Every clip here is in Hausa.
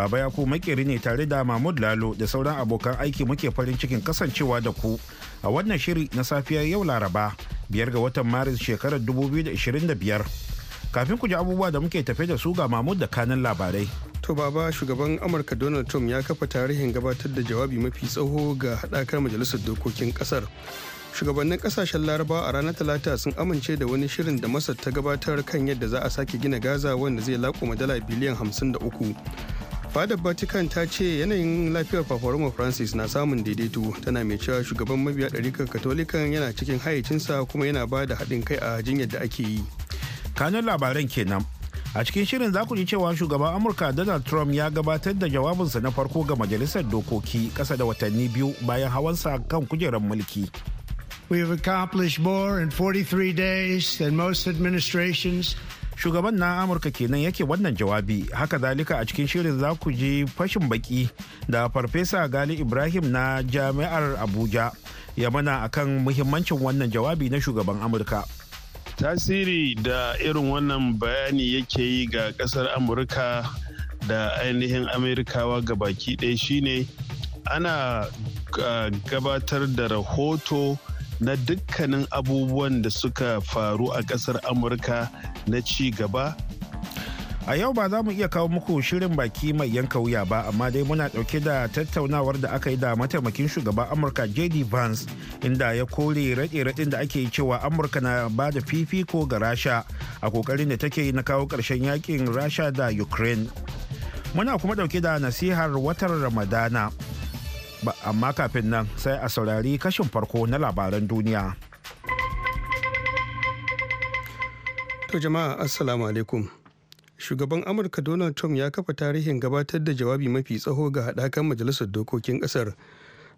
Baba ku makeri ne tare da Mahmud Lalo da sauran abokan aiki muke farin cikin kasancewa da ku a wannan shiri na safiyar yau Laraba biyar ga watan Maris shekarar 2025. Kafin ku ji abubuwa da muke tafe da su ga Mahmud da kanan labarai. To baba shugaban Amurka Donald Trump ya kafa tarihin gabatar da jawabi mafi tsawo ga haɗakar majalisar dokokin ƙasar. Shugabannin ƙasashen Laraba a ranar Talata sun amince da wani shirin da Masar ta gabatar kan yadda za a sake gina Gaza wanda zai laƙuma dala biliyan 53. fadar vatican ta ce yanayin lafiyar paparoma francis na samun daidaito tana mai cewa shugaban mabiya ɗarikar katolikan yana cikin hayacinsa kuma yana ba da haɗin kai a jinyar da ake yi kanun labaran kenan a cikin shirin za ku ji cewa shugaban amurka donald trump ya gabatar da jawabinsa na farko ga majalisar dokoki ƙasa da watanni biyu bayan hawansa kan kujerar mulki We have accomplished more in 43 days than most administrations shugaban na amurka kenan yake wannan jawabi haka zalika a cikin shirin za ku ji fashin baki da farfesa gali ibrahim na jami'ar abuja ya mana akan muhimmancin wannan jawabi na shugaban amurka tasiri da irin wannan bayani yake yi ga kasar amurka da ainihin amerikawa ga baki ɗaya shine ana ah, gabatar da rahoto na dukkanin abubuwan da suka faru a kasar amurka na ci gaba a yau ba za mu iya kawo muku shirin baki mai yanka wuya ba amma dai muna dauke da tattaunawar da aka yi da mataimakin shugaban amurka jd vance inda ya kore raɗe-raɗin da ake cewa amurka na ba da fifiko ga rasha a kokarin da take na kawo ƙarshen yakin rasha da ukraine muna kuma dauke da nasihar watan ramadana amma kafin nan sai a saurari kashin farko na labaran duniya. To jama'a assalamu alaikum. Shugaban Amurka Donald Trump ya kafa tarihin gabatar da jawabi mafi tsaho ga haɗakan majalisar dokokin ƙasar.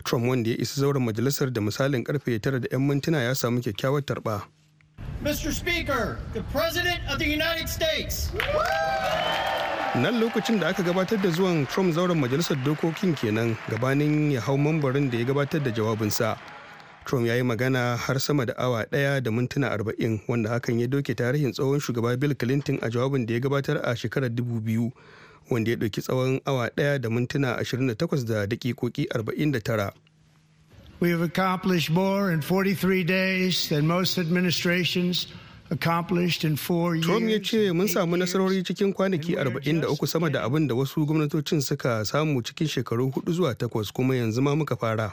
Trump wanda ya isa zauren majalisar da misalin karfe 9 da 'yan mintuna ya samu kyakkyawar tarba. Mr. Speaker, the President of the United States. nan lokacin da aka gabatar da zuwan trump zauren majalisar dokokin kenan gabanin ya hau mambarin da ya gabatar da jawabinsa trump ya yi magana har sama da awa daya da mintuna arba'in wanda hakan ya doke tarihin tsohon shugaba bill clinton a jawabin da ya gabatar a shekarar biyu wanda ya ɗauki tsawon awa daya da mintuna 28 da dakikoki tara. We have accomplished more in 43 days than most administrations Trump ya ce mun samu nasarori cikin kwanaki 43 sama da abin da wasu gwamnatocin suka samu cikin shekaru hudu zuwa takwas kuma yanzu ma muka fara.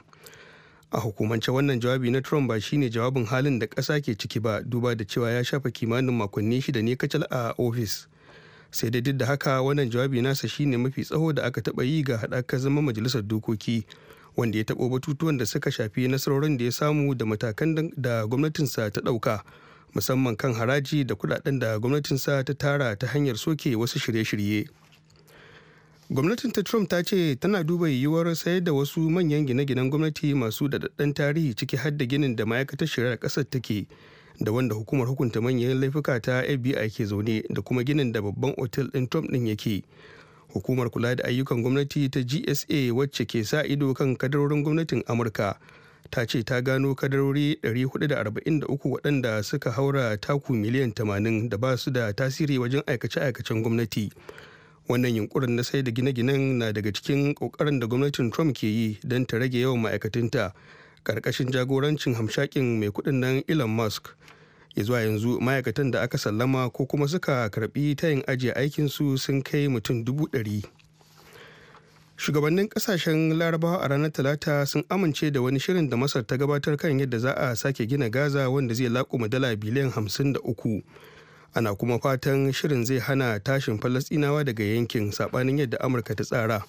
A hukumance wannan jawabi na Trump ba shine jawabin halin da ƙasa ke ciki ba duba da cewa ya shafa kimanin makonni shida ne kacal a ofis. Sai dai duk da haka wannan jawabi nasa shine mafi tsaho da aka taɓa yi ga haɗaka zama majalisar dokoki. wanda ya taɓo batutuwan da suka shafi nasarorin da ya samu da matakan da gwamnatinsa ta ɗauka musamman kan haraji da kudaden da gwamnatinsa ta tara ta hanyar soke wasu shirye-shirye gwamnatin ta trump ta ce tana duba yiwuwar sayar da wasu manyan gine-ginen gwamnati masu daɗaɗɗen tarihi ciki har da ginin da ma'aikatar shari'ar ƙasar take da wanda hukumar hukunta manyan laifuka ta fbi ke zaune da kuma ginin da babban otel ɗin trump ɗin yake hukumar kula da ayyukan gwamnati ta gsa wacce ke sa ido kan kadarorin gwamnatin amurka ta ce ta gano kadarori 443 waɗanda suka haura taku miliyan 80 da ba su da tasiri wajen aikace-aikacen gwamnati wannan yunkurin na sai da gine-ginen na daga cikin ƙoƙarin da gwamnatin trump ke yi don ta rage yawan ma'aikatanta ƙarƙashin jagorancin hamshakin mai kuɗin nan elon musk ya zuwa yanzu ma'aikatan da aka sallama ko kuma suka karɓi tayin ajiye aikinsu sun kai mutum dubu ɗari. shugabannin kasashen larabawa a ranar talata sun amince da wani shirin da masar ta gabatar kan yadda za a sake gina gaza wanda zai lakuma dala biliyan hamsin da uku ana kuma fatan shirin zai hana tashin falastinawa daga yankin saɓanin yadda amurka ta tsara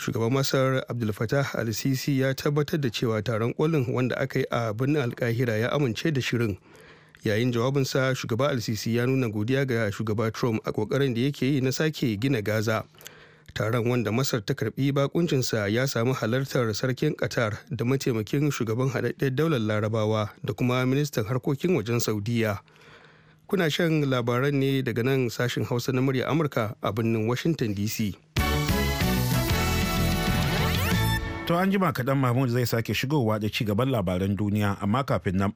shugaban masar abdul fatah al-sisi ya tabbatar da cewa taron kolin wanda aka yi a birnin alkahira ya amince da shirin yayin jawabinsa shugaba al-sisi ya nuna godiya ga shugaba trump a kokarin da yake yi na sake gina gaza taron wanda masar ta karbi bakuncinsa ya samu halartar sarkin qatar da mataimakin shugaban haɗaɗɗen daular larabawa da kuma ministan harkokin wajen saudiya kuna shan labaran ne daga nan sashen hausa na murya amurka a birnin washington dc to an jima kaɗan mahmud zai sake shigowa da ci gaban labaran duniya amma kafin nan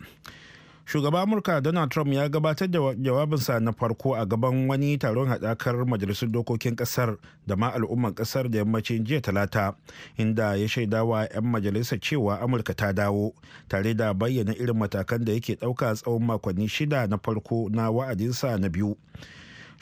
shugaban amurka donald trump ya gabatar da jawabinsa na farko a gaban wani taron haɗakar majalisun dokokin ƙasar da ma al'umman ƙasar da yammacin jiya talata inda ya shaidawa 'yan majalisar cewa amurka ta dawo tare da bayyana irin matakan da yake ɗauka tsawon makonni shida na farko na wa'adinsa na biyu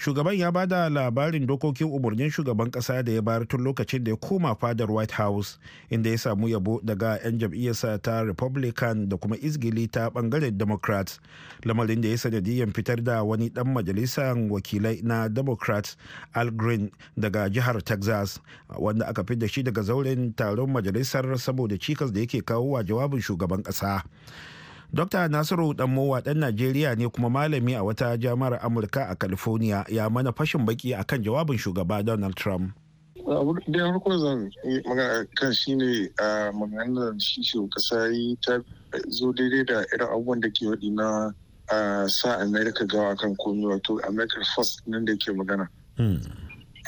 shugaban ya bada labarin dokokin umarnin shugaban kasa da ya bayar tun lokacin da ya koma fadar white house inda ya samu yabo daga 'yan jam'iyyarsa ta republican da kuma izgili ta bangaren democrats lamarin da ya sanadiyyar fitar da wani dan majalisar wakilai na democrats al green daga jihar texas wanda aka fi da shi daga zauren taron majalisar saboda cikas da yake kawo wa jawabin shugaban kasa Dr. Nasiru Danmowa ɗan Najeriya ne kuma malami a wata jami'ar Amurka a California ya mana fashin baki akan jawabin shugaba Donald Trump. da farko zan magana kan shi ne a maganar shi shi kasa yi ta zo daidai da irin abubuwan da ke waɗi na sa Amerika gawa kan komi wato america first nan da ke magana hmm.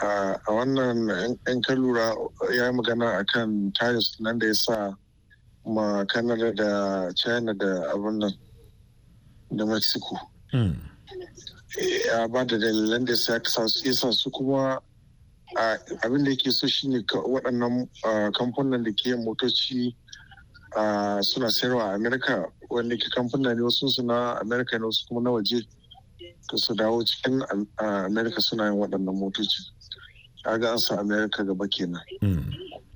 a wannan yan kan lura ya yi magana akan tarihi nan da ya sa ma Canada da China da abin nan da Mexico. Hmm. Ya ba da dalilan da ya sa su kuma abin da yake so shine waɗannan kamfanin da ke motoci suna sayarwa a Amerika wanda ke kamfanin ne wasu su na Amerika ne wasu kuma na waje ka su dawo cikin Amerika suna yin waɗannan motoci. ga an sa Amerika gaba kenan. Hmm.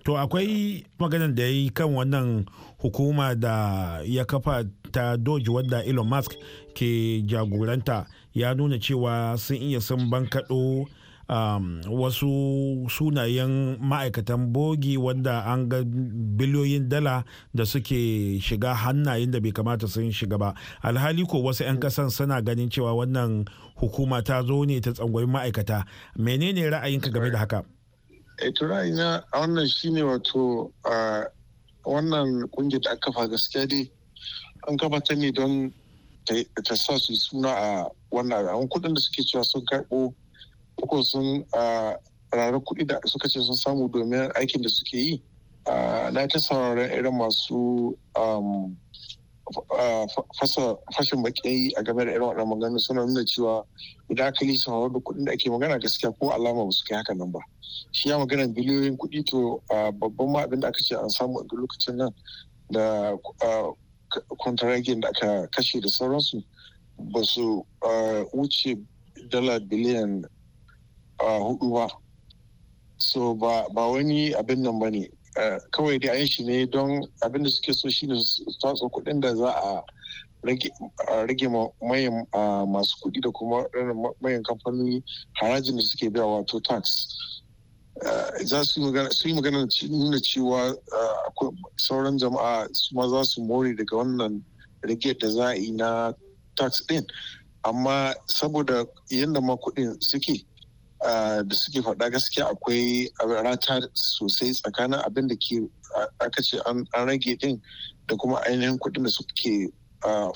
to akwai maganar da ya yi kan wannan hukuma da ya kafa ta doji wadda elon musk ke jagoranta ya nuna cewa sun iya sun bankaɗo um, wasu sunayen ma'aikatan bogi wanda an ga biliyoyin dala da suke shiga hannayen da bai kamata sun shiga ba alhali ko wasu 'yan kasan suna ganin cewa wannan hukuma ta zo ne ta tsangwayi ma'aikata menene ra'ayinka game da haka eto eh, ra'ayina a wannan shine wato a wannan kungiyar da aka faga gaskiya dai an kafa ta ne don ta sa su suna a wannan abin kudin da suke cewa sun karɓo uku sun rarar kuɗi da suka ce sun samu domin aikin da suke yi na ta sauraron irin masu fashin baki a game da irin waɗannan maganganu suna nuna cewa idan aka lisa hawar wadda kuɗin da ake magana gaskiya ko alama ba su kai haka nan ba shi ya magana biliyoyin kuɗi to babban ma abin da aka ce an samu a lokacin nan da kwantaragen da aka kashe da sauransu ba su wuce dala biliyan hudu ba so ba wani abin nan ba ne kawai da an shi ne don abin da suke so shine su tatso kuɗin da za a rage mayan masu kuɗi da kuma mayan kamfanoni harajin da suke biya wato tax eh, za su yi magana nuna cewa eh, sauran jama'a su ma za su more daga wannan rage da za a yi na tax din amma saboda yadda ma kuɗin suke Ah, da suke faɗa gaskiya akwai rata sosai tsakanin abin da ke aka ce an rage din da kuma ainihin kuɗin da suke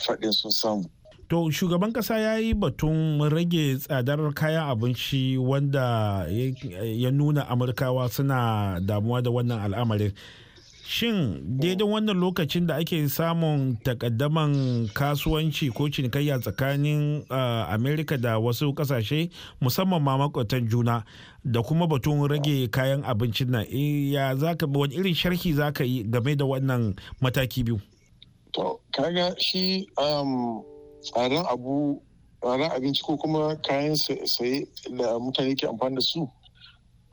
faɗin sun samu. To shugaban ƙasa ya yi batun rage tsadar kayan abinci wanda ya nuna Amurkawa suna damuwa da wannan al'amarin. shin daidai wannan lokacin da ake samun takaddaman kasuwanci ko cinikayya tsakanin ah, amerika da wasu kasashe musamman ma makwatan juna da kuma batun rage kayan abincin nan eh, ya zaka wani irin sharhi ka yi game da wannan mataki biyu to kaga shi um, tsarin abu tsarin abinci ko kuma kayan saye da mutane ke amfani da su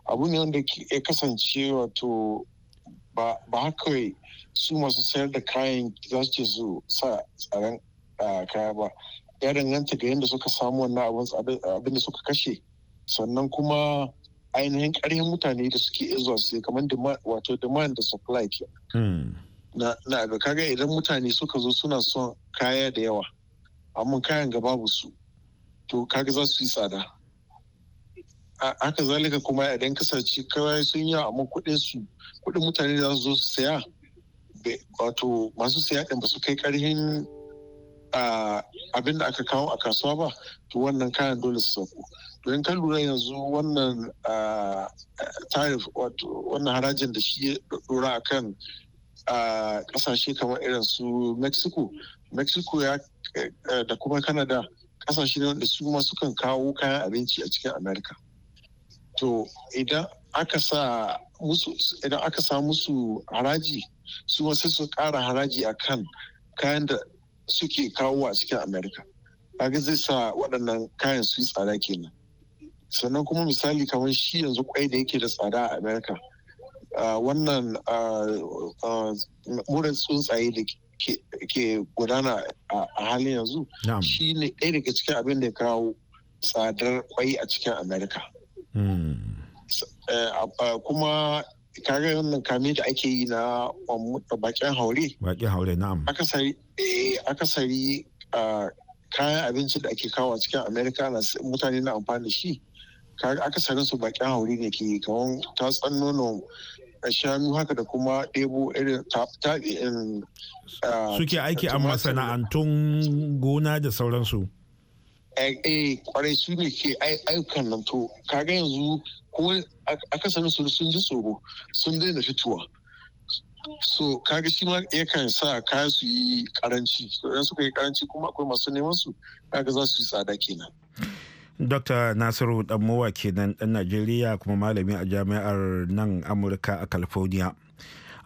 abu ne wanda ya kasance wato ba ba kawai su masu sayar da kayan za su ce su sa tsaron kaya ba ya danganta ga yadda suka samu wannan abin da suka kashe sannan kuma ainihin ƙarfin mutane da suke izuwa su kamar wato demand da supply ke hmm. na ga kaga idan mutane suka zo suna son kaya da yawa amma kayan ga babu su to kaga za su yi tsada haka zalika kuma idan kasance kawai sun yi amma kuɗin su kuɗin mutane da su zo su saya wato masu saya ɗin ba su kai ƙarhin abin da aka kawo a kasuwa ba to wannan kayan dole su sauko to in ka lura yanzu wannan tarif wannan harajin da shi ya dora a kan kasashe kamar irin su mexico mexico ya eh, da kuma canada kasashe ne wanda su ma sukan kawo kayan abinci a cikin america to idan aka sa musu idan aka sa musu haraji su wasu su kara haraji a kan kayan da suke kawo a cikin amerika kaga zai sa waɗannan kayan su yi tsada kenan sannan kuma misali kamar shi yanzu kwai da yake da tsada a amerika wannan murar tsuntsaye da ke gudana a halin yanzu shi ne ɗaya daga cikin abin da ya kawo tsadar kwai a cikin amerika Eh, kuma kare wannan kame da ake yi na um, bakin haure bakin haure na'am akasari eh, kayan abinci da ake kawo cikin america na mutane na amfani da shi akasarin su bakin haure ne ke kamar tatsan nono eh, shanu haka da kuma ɗebo irin taɓi ah, suke aiki a masana'antun gona da sauransu a eh, eh, kwarai su ne ke aikan nan to kaga yanzu ko akasarin su sun ji tsoro sun daina fituwa so kaga shi ma yakan sa kaya su yi karanci idan suka yi karanci kuma akwai masu neman su kaga za su yi tsada kenan Dr. Nasiru Danmowa kenan ɗan Najeriya kuma malami a jami'ar nan Amurka a California.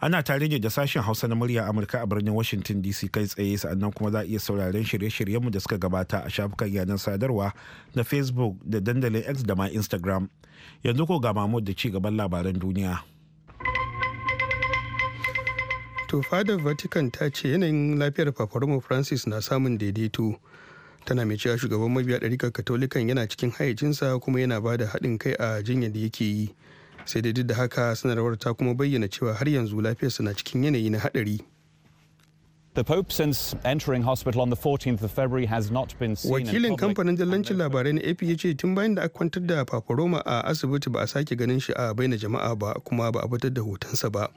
ana tare ne da sashen hausa na murya amurka a birnin washington dc kai tsaye sa'annan kuma za a iya sauraren shirye-shiryenmu da suka gabata a shafukan yanar sadarwa na facebook da dandalin x da ma instagram yanzu ko ga mahmud da ci gaban labaran duniya to fadar vatican ta ce yanayin lafiyar paparomo francis na samun daidaito tana mai cewa shugaban mabiya ɗarikar katolikan yana cikin hayacinsa kuma yana ba da haɗin kai a jinya da yake yi sai dai duk da haka sanarwar ta kuma bayyana cewa har yanzu lafiyarsa na cikin yanayi na haɗari. The Pope, since entering hospital th of February, has not been seen Wakilin kamfanin jallancin labarai na AP ya ce tun bayan da aka kwantar da Papa a asibiti ba a sake ganin shi a baina jama'a ba kuma ba a fitar da hotonsa ba.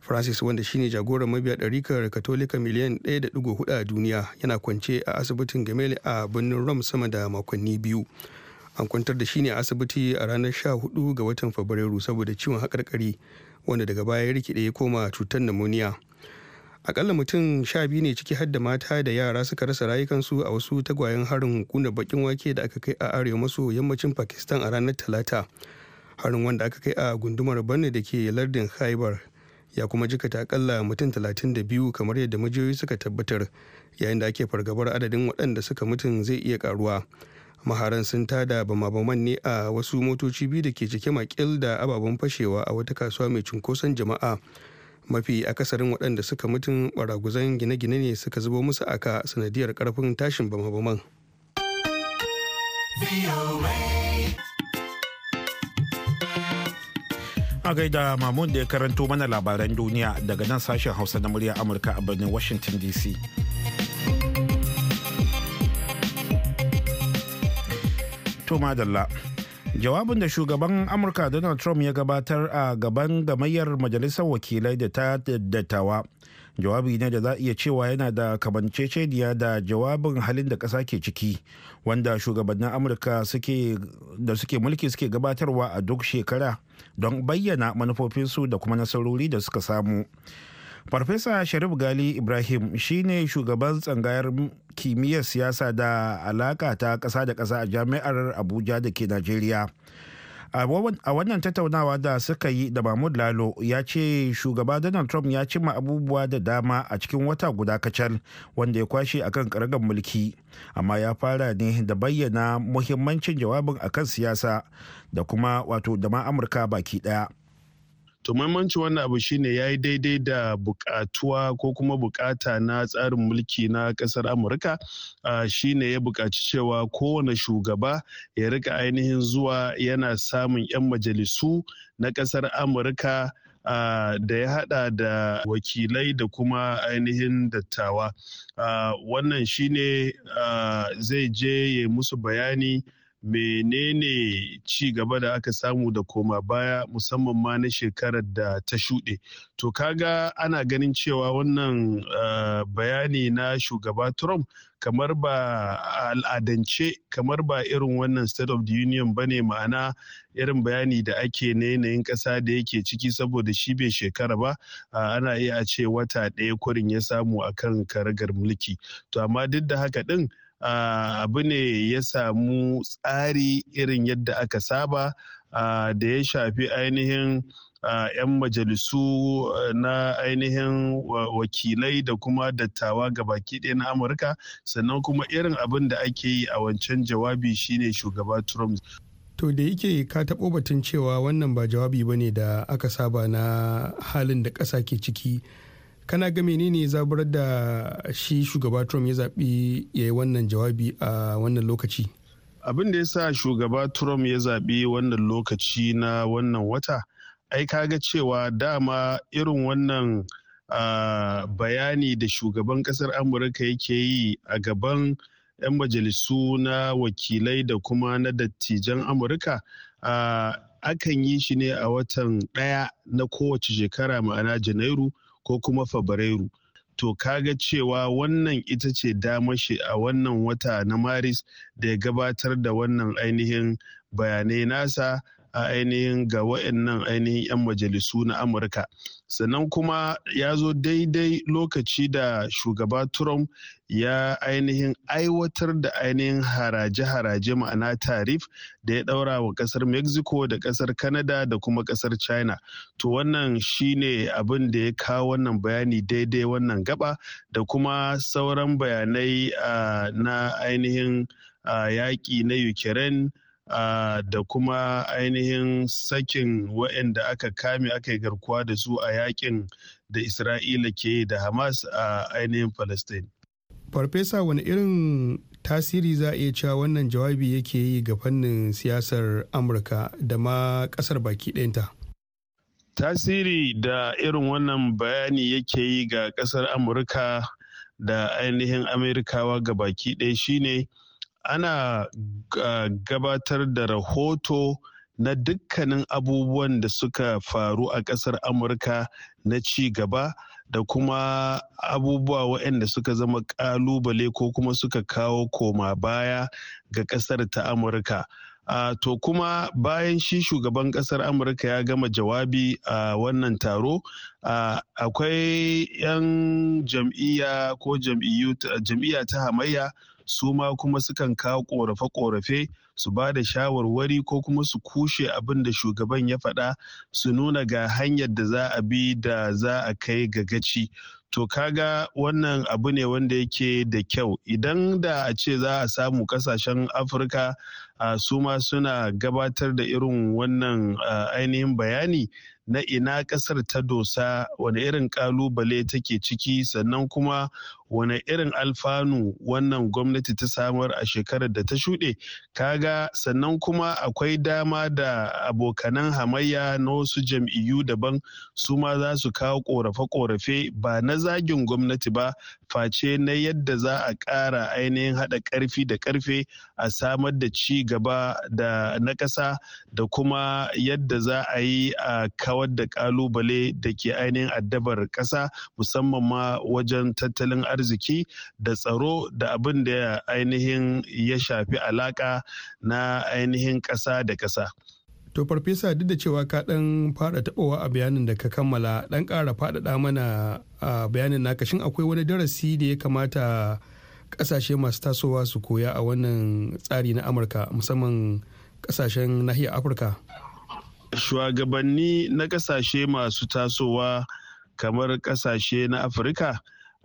Francis wanda shine jagoran mabiya ɗarikar Katolika miliyan 1.4 a duniya yana kwance a asibitin Gamele a birnin Rome sama da makonni biyu. an kwantar da shi ne a asibiti a ranar 14 ga watan fabrairu saboda ciwon haƙarƙari wanda daga baya ya rikide ya koma cutar pneumonia akalla mutum sha biyu ne ciki har da mata da yara suka rasa rayukansu a wasu tagwayen harin kuna bakin wake da aka kai a arewa maso yammacin pakistan a ranar talata harin wanda aka kai a gundumar banne da ke lardin khaibar ya kuma jikata akalla mutum 32 kamar yadda majiyoyi suka tabbatar yayin da ake fargabar adadin waɗanda suka mutum zai iya karuwa maharan sun tada bama-baman ne a wasu motoci biyu da ke cike makil da ababen fashewa a wata kasuwa mai cunkoson jama'a mafi akasarin waɗanda suka mutum baraguzan gine-gine ne suka zubo musu aka sanadiyar karfin tashin bama-baman a gaida mamun da ya karanto mana labaran duniya daga nan sashen hausa na murya amurka a birnin washington dc To madalla. Jawabin da shugaban Amurka Donald Trump ya gabatar a gaban gamayyar majalisar wakilai da ta daddatawa Jawabi ne da za iya cewa yana da kamanceceniya da jawabin halin da ƙasa ke ciki, wanda shugabannin Amurka da suke mulki suke gabatarwa a duk shekara don bayyana manufofinsu da kuma nasarori da suka samu. farfesa sharif gali ibrahim shine shugaban tsangayar kimiyyar siyasa da alaka ta ƙasa da ƙasa a jami'ar abuja da ke najeriya a wannan tattaunawa da suka yi da mahmud lalo ya ce shugaba donald trump ya cimma abubuwa da dama a cikin wata guda kacal wanda ya kwashe akan karagar mulki amma ya fara ne da bayyana muhimmancin jawabin akan siyasa da kuma wato da ma amurka baki ɗaya. To muhimmancin wannan abu shine ya yi daidai da bukatuwa ko kuma bukata na tsarin mulki na kasar Amurka shine ya bukaci cewa kowane shugaba ya rika ainihin zuwa yana samun 'yan majalisu na kasar Amurka Uh, da ya hada da wakilai da kuma ainihin dattawa uh, wannan shine uh, zai je ya musu bayani menene ci gaba da aka samu da koma baya musamman ma na shekarar da ta shuɗe to kaga ana ganin cewa wannan uh, bayani na shugaba trump kamar ba al'adance kamar ba irin wannan state of the union ba ne ma'ana irin bayani da ake na yanayin ƙasa da yake ciki saboda shi bai shekara ba uh, ana iya ce wata ɗaya kurin ya samu akan karagar mulki to amma duk da haka ɗin Ah, abu ne ya samu tsari irin yadda aka saba ah, da ya shafi ainihin 'yan ah, majalisu eh, na ainihin wakilai da kuma dattawa ga baki ɗaya na amurka sannan kuma irin abin da ake yi a wancan jawabi shine shugaba trump to da yake ka taɓo batun cewa wannan ba jawabi ba ne da aka saba na halin da ƙasa ke ciki kana ga menene zaburar da shi shugaba trump ya zaɓi ya yi wannan jawabi a wannan lokaci abin da ya sa shugaba trump ya zaɓi wannan lokaci na wannan wata ai kaga cewa dama irin wannan bayani da shugaban kasar amurka yake yi a gaban 'yan majalisu na wakilai da kuma na dattijan amurka akan yi shi ne a watan ɗaya na kowace shekara ma'ana janairu ko kuma fabrairu to kaga cewa wannan ita ce damashi a wannan wata na maris da ya gabatar da wannan ainihin bayanai nasa a ainihin ga wa'annan ainihin 'yan majalisu na amurka sannan kuma ya zo daidai lokaci da shugaba trump ya ainihin aiwatar da ainihin haraje-haraje ma'ana tarif da ya daura wa kasar mexico da kasar canada da kuma kasar china to wannan shine abin da ya kawo wannan bayani daidai wannan gaba da kuma sauran bayanai ah, na ainihin ah, yaƙi na ukraine da kuma ainihin sakin waɗanda aka kame aka yi garkuwa da su a yakin da isra'ila ke da hamas a ainihin palestine farfesa wani irin tasiri za a iya cewa wannan jawabi yake yi ga fannin siyasar amurka da ma ƙasar baki ɗayanta tasiri da irin wannan bayani yake yi ga ƙasar amurka da ainihin amerikawa ga baki ɗaya shine ana gabatar da rahoto na dukkanin abubuwan da suka faru a ƙasar amurka na ci gaba da kuma abubuwa waɗanda suka zama ƙalubale ko kuma suka kawo koma baya ga ƙasar ta amurka Uh, to kuma bayan shi shugaban kasar amurka ya gama jawabi a uh, wannan taro uh, akwai 'yan jam'iyya ko jam'iyya ta hamayya Su ma kuma sukan kawo korafe-korafe su ba da shawarwari ko kuma su kushe abin da shugaban ya faɗa su nuna ga hanyar da za a bi da za a kai ga gaci to kaga wannan abu ne wanda yake da kyau idan da a ce za a samu kasashen afirka su ma suna gabatar da irin wannan ainihin bayani na ina kasar ta dosa wani irin kalubale take ciki sannan kuma wane irin alfanu wannan gwamnati ta samar a shekarar da ta shuɗe kaga sannan kuma akwai dama da abokanan hamayya na wasu jam'iyyu daban su ma za su kawo ƙorafe-ƙorafe ba na zagin gwamnati ba face na yadda za a ƙara ainihin haɗa ƙarfi da ƙarfe a samar da ci gaba da na ƙasa da kuma yadda za a yi a kawar da ƙalubale da ke ainihin addabar ƙasa musamman ma wajen tattalin arziki arziki da tsaro da abin da ainihin ya shafi alaka na ainihin ƙasa da ƙasa. To farfesa duk da cewa ka ɗan fara tabowa a bayanin da ka kammala ɗan ƙara faɗaɗa mana a bayanin naka shin akwai wani darasi da ya kamata ƙasashe masu tasowa su koya a wannan tsari na Amurka musamman ƙasashen nahiyar Afirka? Shugabanni na ƙasashe masu tasowa kamar ƙasashe na Afirka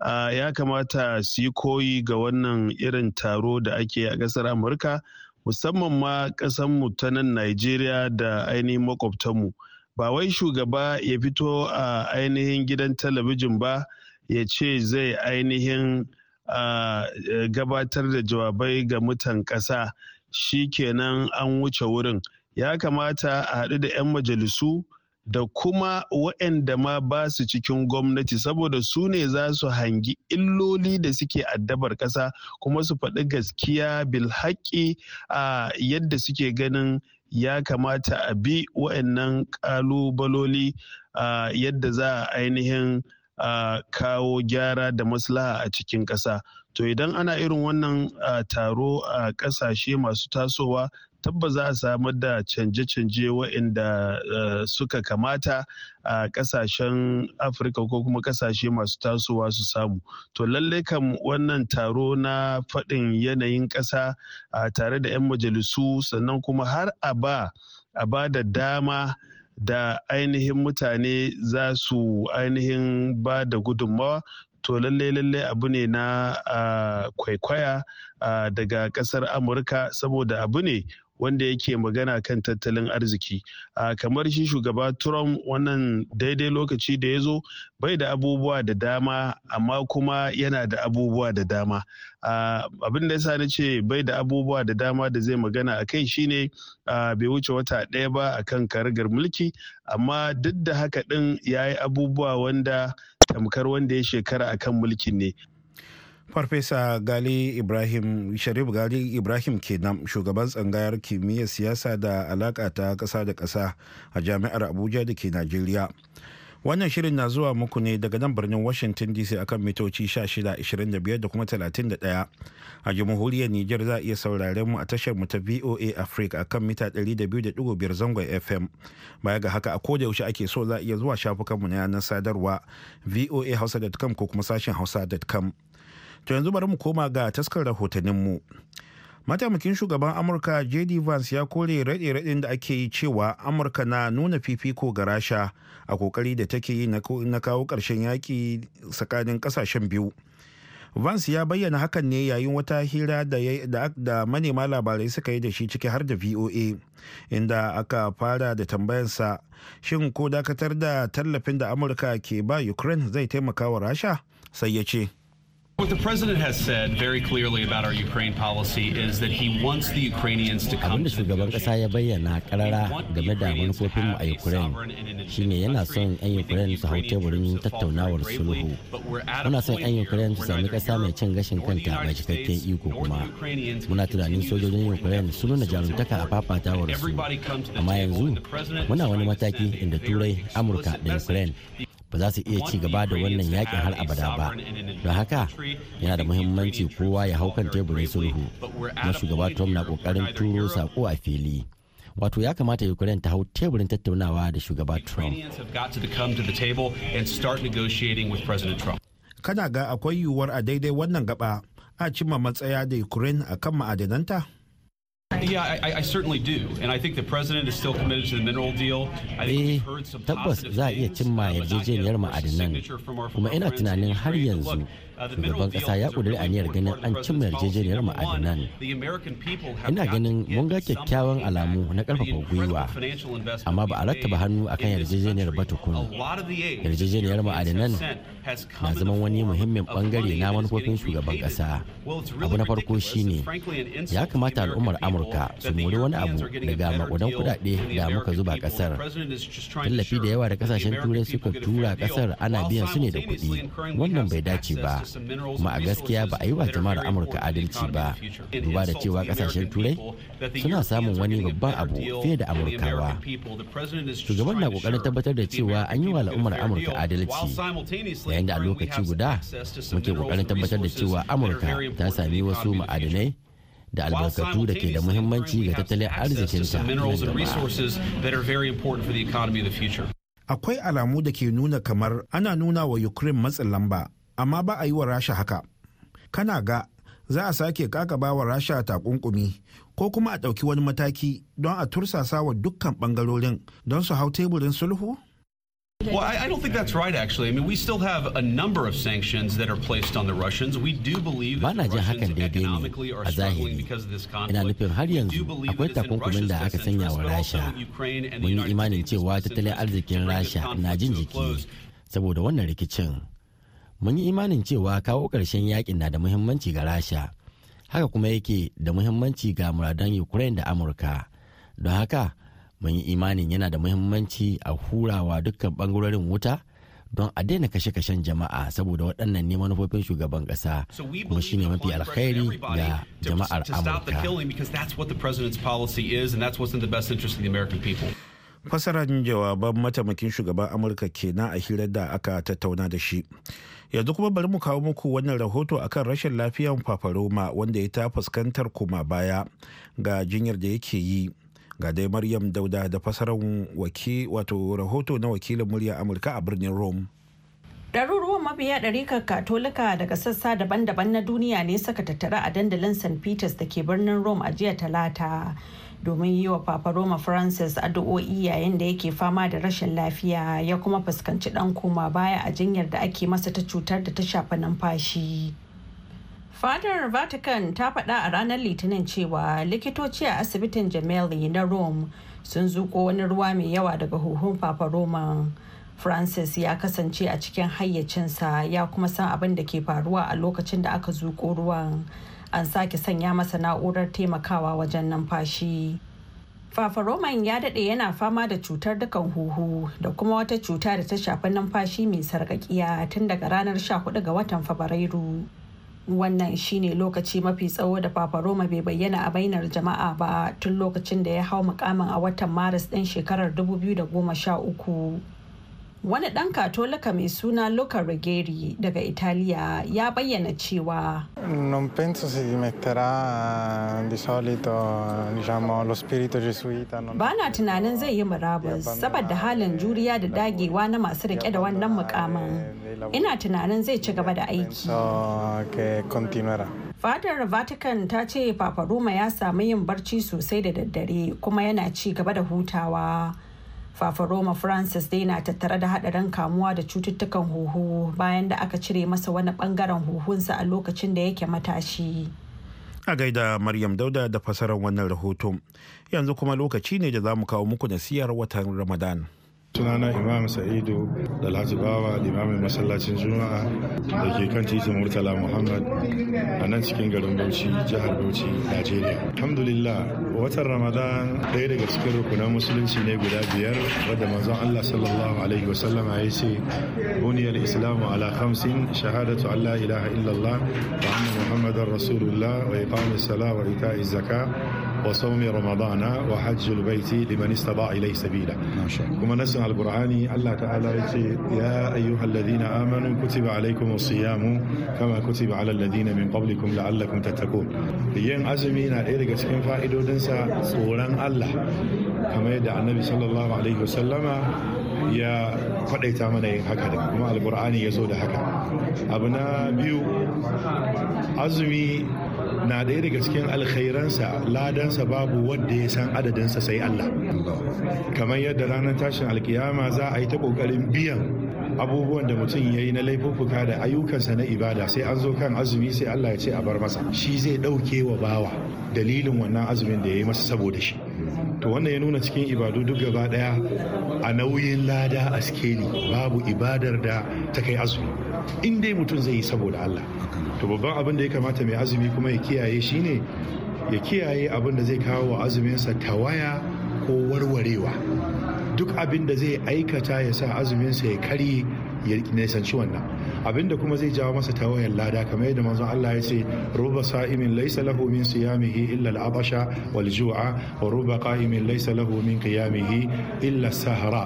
ya kamata su yi koyi ga wannan irin taro da ake a ƙasar amurka musamman ma kasanmu ta nan najeriya da ainihin makwabtanmu ba wai shugaba ya fito a ainihin gidan talabijin ba ya ce zai ainihin gabatar da jawabai ga mutan ƙasa shi kenan an wuce wurin ya kamata a haɗu da 'yan majalisu da kuma waɗanda ma ba su cikin gwamnati saboda su ne za su hangi illoli da suke addabar ƙasa kuma su faɗi gaskiya bilhaƙi a yadda suke ganin ya kamata a bi waɗannan ƙalubaloli yadda za a ainihin a kawo gyara da maslaha a cikin ƙasa. To idan ana irin wannan taro a ƙasashe masu tasowa tabbas za a samar da canje-canje waɗanda eh, suka kamata a ƙasashen afirka ko kuma ƙasashe masu tasowa su samu to lallai kan wannan taro na faɗin yanayin ƙasa tare da 'yan majalisu sannan kuma har a ba a ba da dama da ainihin mutane za su ainihin ba da gudunmawa to lallai lallai abu ne na kwaikwaya daga kasar amurka saboda abu ne wanda yake magana kan tattalin arziki kamar shi shugaba trump wannan daidai lokaci da ya zo bai da abubuwa da dama amma kuma yana da abubuwa da dama abin da sa na ce bai da abubuwa da dama da zai magana a kai shine bai wuce wata ɗaya ba a kan karagar mulki amma duk da haka ɗin ya yi abubuwa wanda tamkar wanda ya shekara akan mulkin ne farfesa gali ibrahim sharif gali ibrahim kenan shugaban tsangayar kimiyyar siyasa da alaka ta kasa da kasa a jami'ar abuja da ke najeriya wannan shirin na zuwa muku ne daga nan birnin washington dc akan mitoci 1625 da kuma 31 a jamhuriyar nijar za a iya sauraren mu a tashar mu ta voa africa akan mita 200.5 zangon fm baya ga haka a koda yaushe ake so za a iya zuwa shafukanmu na yanar sadarwa voahausa.com ko kuma sashen hausa.com To yanzu bari mu koma ga taskar rahotanninmu. Mataimakin shugaban Amurka JD Vance ya kore raɗe-raɗin da ake yi cewa Amurka na nuna fifiko ga Rasha a kokari da take yi na kawo ƙarshen yaƙi tsakanin ƙasashen biyu. Vance ya bayyana hakan ne yayin wata hira da, manema labarai suka yi da shi ciki har da VOA inda aka fara da tambayansa shin ko dakatar da tallafin da Amurka ke ba Ukraine zai taimaka wa Rasha sai ya ce. What the president has said very clearly about our Ukraine policy is that he wants the Ukrainians to come. Abinda shugaban kasa ya bayyana karara game da manufofinmu a Ukraine shine yana son 'yan Ukraine su hau teburin tattaunawar sulhu. Muna son 'yan Ukraine su sami kasa mai cin gashin kanta mai cikakken iko kuma. Muna tunanin sojojin Ukraine su nuna jaruntaka a fafatawar su. Amma yanzu muna wani mataki inda Turai, Amurka da Ukraine ba za su iya ci gaba da wannan yakin har abada ba don haka yana da muhimmanci kowa ya hau kan teburin sulhu na shugaba trump na kokarin turo sako a fili wato ya kamata ukraine ta hau teburin tattaunawa da shugaba trump kana ga akwai yiwuwar a daidai wannan gaba a cimma matsaya da ukraine kan ma'adananta Yeah, I, I certainly do. And I think the president is still committed to the mineral deal. I think we've eh, heard some tabbas za a iya cimma yarjejeniyar ma'adinan kuma ina tunanin har yanzu shugaban kasa ya kudiri aniyar ganin an cimma yarjejeniyar ma'adinan ina ganin mun ga kyakkyawan alamu na karfafa gwiwa amma ba a rattaba hannu akan yarjejeniyar ba tukun yarjejeniyar ma'adanan na zaman wani muhimmin bangare na manufofin shugaban kasa abu na farko shine ya kamata al'ummar amurka su mori wani abu daga makudan kudade da muka zuba kasar tallafi da yawa da kasashen turai suka tura kasar ana biyan su ne da kuɗi wannan bai dace ba kuma a gaskiya ba a yi wa jama'ar amurka adalci ba duba da cewa kasashen turai suna samun wani babban abu fiye da amurkawa shugaban na kokarin tabbatar da cewa an yi wa al'ummar amurka adalci yayin da a lokaci guda muke kokarin tabbatar da cewa amurka ta sami wasu ma'adanai da albarkatu da ke da muhimmanci ga tattalin arzikin arzikinta akwai alamu da ke nuna kamar ana nuna wa ukraine matsin lamba amma ba a yi wa rasha haka kana ga za a sake kaka ba wa rasha takunkumi ko kuma a ɗauki wani mataki don a tursasa wa dukkan ɓangarorin don su hau teburin sulhu? Well, I, I, don't think that's right, actually. I mean, we still have a number of sanctions that are placed on the Russians. We do believe that the Russians economically are struggling because of this conflict. We do Ina nufin har yanzu akwai takunkumin da aka sanya wa Rasha. Mun yi imanin cewa tattalin arzikin Rasha na jin jiki saboda wannan rikicin. mun yi imanin cewa kawo ƙarshen yakin na da muhimmanci ga rasha haka kuma yake da muhimmanci ga muradan ukraine da amurka don haka mun yi imanin yana da muhimmanci a hurawa dukkan bangarorin wuta don a daina kashe-kashen jama'a saboda waɗannan ne manufofin shugaban ƙasa kuma shi ne mafi alkhairi ga jama'ar amurka fasarar jawaban mataimakin shugaban amurka kenan a hirar da aka tattauna da shi yanzu kuma bari mu kawo muku wannan rahoto akan rashin lafiyan fafaroma wanda ya ta fuskantar kuma baya ga jinyar da yake yi ga dai maryam dauda da fasarar waki wato rahoto na wakilin murya amurka a birnin rome Ɗaruruwan mabiya kan Katolika daga sassa daban-daban na duniya ne suka tattara a dandalin St. Peters da ke birnin Rome a jiya Talata domin yi wa Papa Roma Francis addu'o'i yayin da yake fama da rashin lafiya ya kuma fuskanci ɗan koma baya a jinyar da ake masa ta cutar da ta shafa numfashi. Fadar Vatican ta faɗa a ranar Litinin cewa likitoci a asibitin Gemelli na Rome sun zuƙo wani ruwa mai yawa daga huhun Papa Roma. Francis ya kasance a cikin hayyacinsa ya kuma san abin da ke faruwa a lokacin da aka zuƙo ruwan. an sake sanya masa na'urar taimakawa wajen numfashi. Fafaroman ya daɗe yana fama da cutar dukan huhu da kuma wata cuta da ta shafi numfashi mai sarƙaƙiya tun daga ranar 14 ga watan Fabrairu. Wannan shine lokaci mafi tsawo da Fafaroma bai bayyana a bainar jama'a ba tun lokacin da ya hau mukamin a watan Maris ɗin shekarar 2013. wani ɗan katolika mai suna luca rigeri daga italiya ya bayyana cewa non penso si metterà eh, di solito diciamo lo spirito gesuita ba na tunanin zai yi murabus saboda halin juriya da dagewa na masu rike da wannan mukamin ina tunanin zai ci gaba da aiki fadar vatican ta ce papa roma ya samu yin barci sosai da daddare kuma yana ci gaba da hutawa fafaroma francis dai na tattare da hadarin kamuwa da cututtukan huhu bayan da aka cire masa wani bangaren huhunsa a lokacin da yake matashi a gaida maryam dauda da fasarar wannan rahoto yanzu kuma lokaci ne da za mu kawo muku nasiyar watan ramadan sunana imam sa'idu alhaji bawa limamin masallacin juma'a da ke kan titin murtala muhammad a nan cikin garin bauchi jihar bauchi najeriya alhamdulillah watan ramadan ɗaya daga cikin rukunan musulunci ne guda biyar wadda manzon allah sallallahu alaihi wasallam ya ce buniyar Islam ala khamsin shahadatu allah ilaha illallah wa anna muhammadan rasulullah wa iqamis sala wa ita'iz zaka وصوم رمضان وحج البيت لمن استطاع إليه سبيلا ما شاء الله كما نسمع القرآن الله تعالى يا أيها الذين آمنوا كتب عليكم الصيام كما كتب على الذين من قبلكم لعلكم تتقون yin azumi na ɗaya daga cikin fa'idodinsa tsoron Allah kamar yadda annabi sallallahu alaihi wasallama ya faɗaita mana yin haka da kuma alkur'ani ya zo da haka abu na biyu azumi na ɗaya daga cikin alkhairansa ladansa babu wanda ya san adadinsa sai Allah kamar yadda ranar tashin alkiyama za a yi ta ƙoƙarin biyan abubuwan da mutum ya yi na laifuka da ayyukansa na ibada sai an zo kan azumi sai Allah ya ce a bar masa shi zai ɗauke wa bawa dalilin wannan azumin da ya yi masa saboda shi to wannan ya nuna cikin ibadu duk gaba daya a nauyin lada a skeli babu ibadar da ta kai azumi in dai mutum zai yi saboda Allah to babban abin da ya kamata mai azumi kuma ya kiyaye shine ya kiyaye abin da zai kawo wa azuminsa tawaya ko warwarewa duk abin da zai aikata ya sa azuminsa ya karye ya nisanci wannan abinda kuma zai jawo masa tawayar lada kamar yadda manzon Allah ya ce ruba sa'imin laysa lahu min siyamihi illa al-abasha wal ju'a wa ruba qa'imin laysa lahu min qiyamihi illa sahara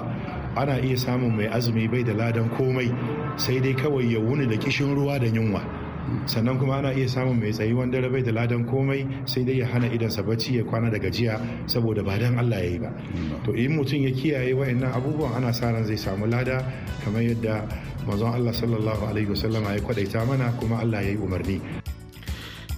ana iya samun mai azumi bai da ladan komai sai dai kawai ya wuni da kishin ruwa da yunwa sannan kuma ana iya samun mai tsayi wanda bai da ladan komai sai dai ya hana idan bacci ya kwana da gajiya saboda ba dan Allah ya yi ba mm-hmm. to in mutum ya kiyaye wayannan abubuwan ana sa ran zai samu lada kamar yadda manzon Allah sallallahu alaihi wasallam ya kwadaita mana kuma Allah ya yi umarni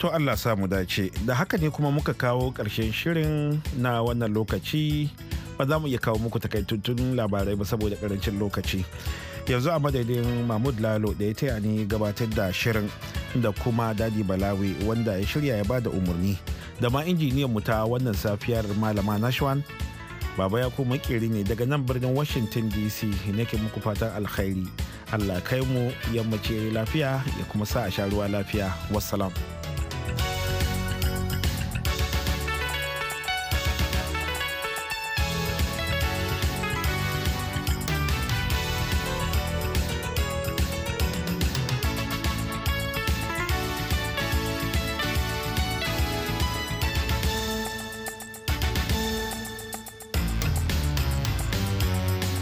to Allah sa mu dace da haka ne kuma muka kawo ƙarshen shirin na wannan lokaci ba za mu iya kawo muku tun labarai ba saboda karancin lokaci yanzu a madadin mahmud lalo da ya taya ni gabatar da shirin da kuma dadi balawi wanda ya shirya ya bada umarni da ma injiniyan mu ta wannan safiyar malama nashwan baba ya kuma makeri ne daga nan birnin washington dc nake muku fatan alkhairi allah kai mu yammace lafiya ya kuma sa a sha ruwa lafiya wassalam.